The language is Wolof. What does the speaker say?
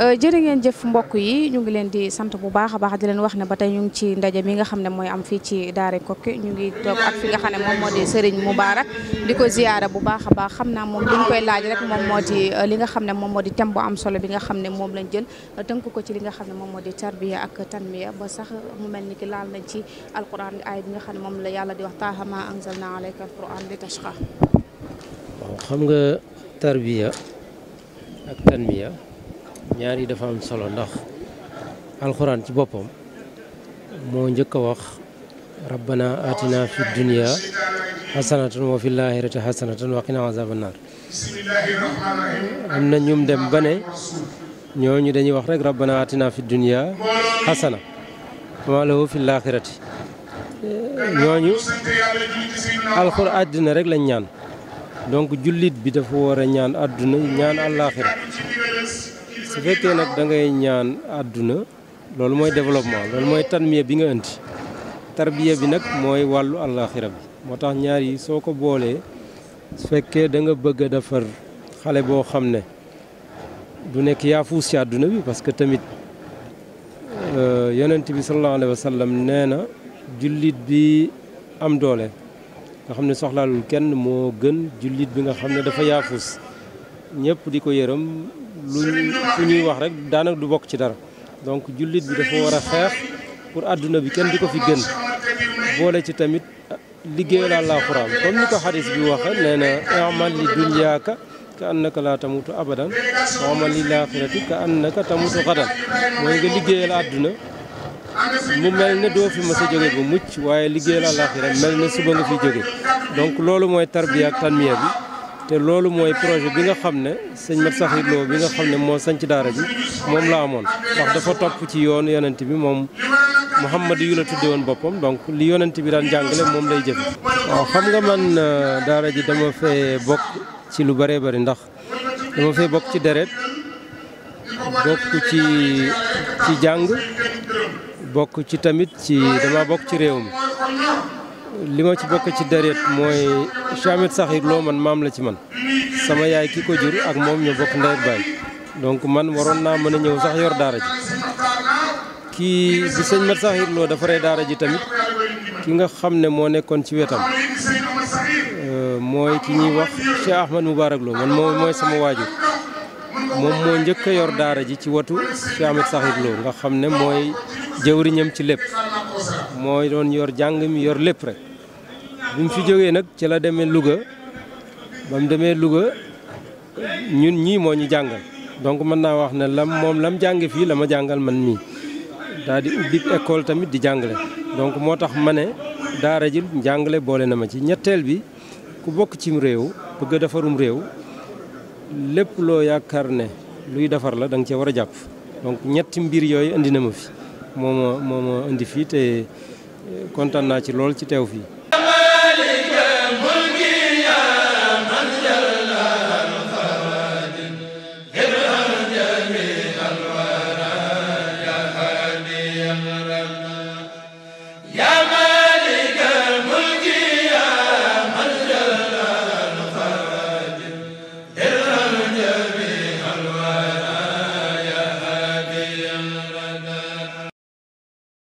Euh, jërë ngeen jëf mbokk yi ñu ngi leen di sant bu baax a baax di leen wax ne ba tey ñu ngi ci ndaje mi nga xam ne mooy am fii ci Daara Koki ñu ngi toog ak nga xam ne moom moo di ko ziyaara bu baax a baax xam naa moom laaj rek moom moo di euh, li nga xam ne moom moo di thème bu am solo bi nga xam ne moom lañ jël euh, tënk ko ci li nga xam ne moom moo di tarbiya ak tanmiya ba sax mu mel ni ki laal nañ ci alquran ay bi nga xam ne moom la yàlla di wax taahama anzalna alayka alquran li tashqa waaw xam nga tarbiya ñaar yi dafa am solo ndax alxuraan ci boppam moo njëkk a wax rabbana atina fi dunia xasanatan wa fi laaxirati xasanatan wa qina azaban na ñum dem ba ne dañuy wax rek rabbana atina fi laaxirati ñooñu alxuraan àddina rek lañ ñaan donc jullit bi dafa war a ñaan àdduna ñaan àllaaxira su fekkee nag da ngay ñaan àdduna loolu mooy développement loolu mooy tanmiya bi nga indi tarbiya bi nag mooy wàllu àllaaxira bi moo tax ñaari soo ko boolee su fekkee da nga bëgg a defar xale boo xam ne du nekk yaafuus ci àdduna bi parce que tamit euh, yonent bi sallallahu alayhi wa nee na jullit bi am doole nga xam ne soxlaalul kenn moo gën jullit bi nga xam ne dafa yaafus ñëpp di ko yërëm lu ñuy wax rek daanaka du bokk ci dara donc jullit bi dafa war a xeex pour àdduna bi kenn di ko fi gën boole ci tamit liggéeyal alxuraan comme ni ko xadis bi waxe nee na amal li dunyaaka ka annaka laa tamutu abadan wa amal li laaxirati ka annaka tamutu xadan mooy nga liggéeyal àdduna mu mel ne doo fi mës a jóge ba mucc waaye liggéeyal àllaaxira mel ne suba nga fi jóge donc loolu mooy tarbiya ak tanmiya bi te loolu mooy projet bi nga xam ne sëñ Mat Saxir Lo bi nga xam ne moo sanc daara bi moom laa amoon ndax dafa topp ci yoon yonent bi moom Muhammad yu la tudde boppam donc li yonent bi daan jàngale moom lay jëf waaw xam nga man euh, daara ji dama fee bokk ci lu bëree bari ndax dama fee bokk ci deret bokk ci ci jàng bokk ci tamit ci dama bokk ci réew mi li ma ci bokk ci deret mooy Chamid Sakhir loo man maam la ci man sama yaay ki ko ak moom ñoo bokk ndey baay donc man waroon naa mën a ñëw sax yor daara ji kii bi sëñ Mat Sakhir Lo dafa rey daara ji tamit ki nga xam ne moo nekkoon ci wetam euh, mooy ki ñuy wax Cheikh Ahmad Moubarak moom mooy sama waajur moom moo njëkk yor daara ji ci watu Chamid Sakhir Lo nga xam ne mooy jëwriñam ci lépp mooy doon yor jàng mi yor lépp rek bi mu fi jógee nag ci la demee Louga ba mu demee Louga ñun ñii moo ñu jàngal donc mën naa wax ne lam moom lam jàng fii la ma jàngal man mii daal di ubbi tamit di jàngale donc moo tax ma ne daara ji jàngale boole na ma ci ñetteel bi ku bokk cim réew bëgg a defarum réew lépp loo yaakaar ne luy defar la danga nga cee war a jàpp donc ñetti mbir yooyu indi na ma fi moo ma moo ma fii te kontaan naa ci lool ci teew fii.